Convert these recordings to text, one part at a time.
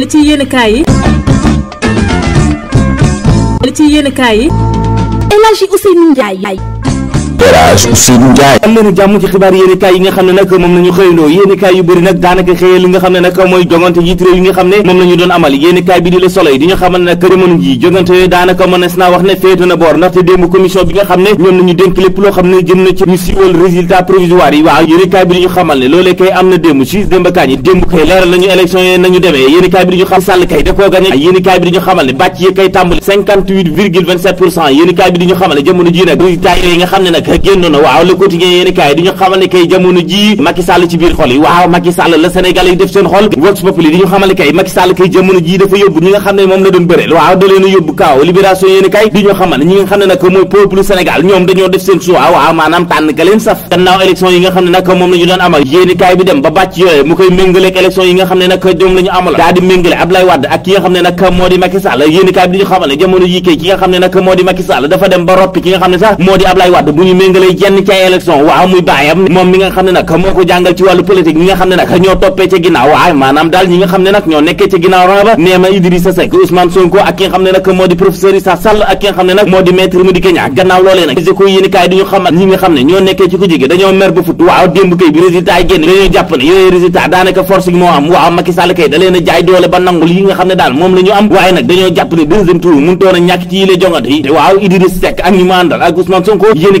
li ci yenn kaay yi. li yenn kaay yi. El Hadji Ndiaye. Elhadji Ousseynou commission bi nga xam ne ñoom la ñu dénk loo xam ne jëm na ci ne nañu élection yi bi di xam sàll kay da koo gagné yéen bi di xamal ne bàcc yi kay tàmbali 58 virgule 27 pour cent yéen bi di xamal ne jamono ji nag résultat yi nga xam ne nag moom la doon da leen a yóbbu kaaw libération yéeni kaay di amal yéeni bi dem ba bàcc yooyu mu koy méngaleeg élection yi nga xam ne nag moo di Macky Sall bi di xamal ne jamono jii kay ki nga xam ne nag moo di Macky dafa dem ba roppi ki nga xam ne sax moo di Abdoulaye Wade bu nekkee ci ko jige dañoo mer ba fut waaw démb kay bi résultat yi génn dañoo jàpp ne yooyu résultat daanaka force gi moo am waaw Macky Sall kay da leen jaay doole ba nangul yi nga xam ne daal moom la am waaye nag dañoo jàpp ne deuxième tour mënutoon a ñàkk ci yile jongante yi waaw Idrissa Seck ak ñi mu ak Ousmane Sonko yéen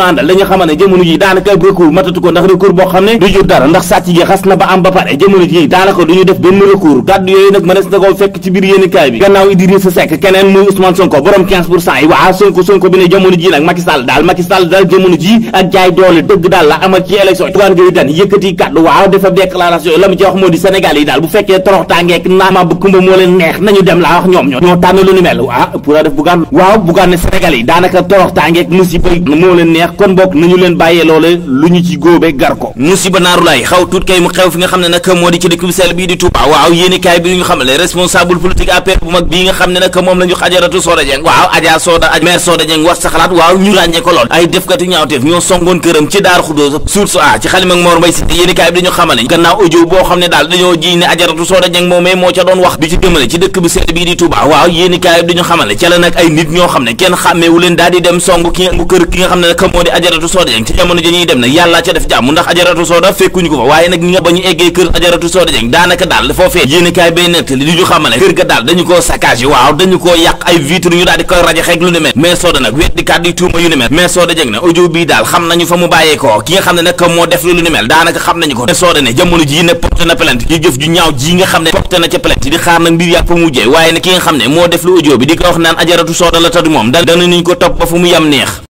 demande la ne jamono ji daanaka ab recours matatu ko ndax recours boo xam ne du jur dara ndax sàcc gi xas na ba am ba pare jamono ji daanaka du ñu def benn recours kàddu yooyu nag mënees na koo ci biir yéenekaay bi bi a daanaka torox tàngeek moo leen neex neex kon bokk nañu leen bàyyee loole lu ñu ci góobe gar ko musiba naaru laay xaw tuut kay mu xew fi nga xam ne nag moo di di ci a dëkk bu sell bii di Touba waaw yéenekaay bi dañu xamale ca la ay nit ñoo xam ne kenn xàmmeewu leen daal dem song ki nga xam ne nag moo di ajaratu sooda jamono ji ñuy dem nag yàlla ji jëf ju ñaaw ji nga xam ne porté na ca plainte di xaar nag mbir yàpp mujjee waaye ne ki nga xam ne moo def lu audio bi di ko wax naan ajaratu sooda la tadu moom dana ñu ko topp ba fu mu yam neex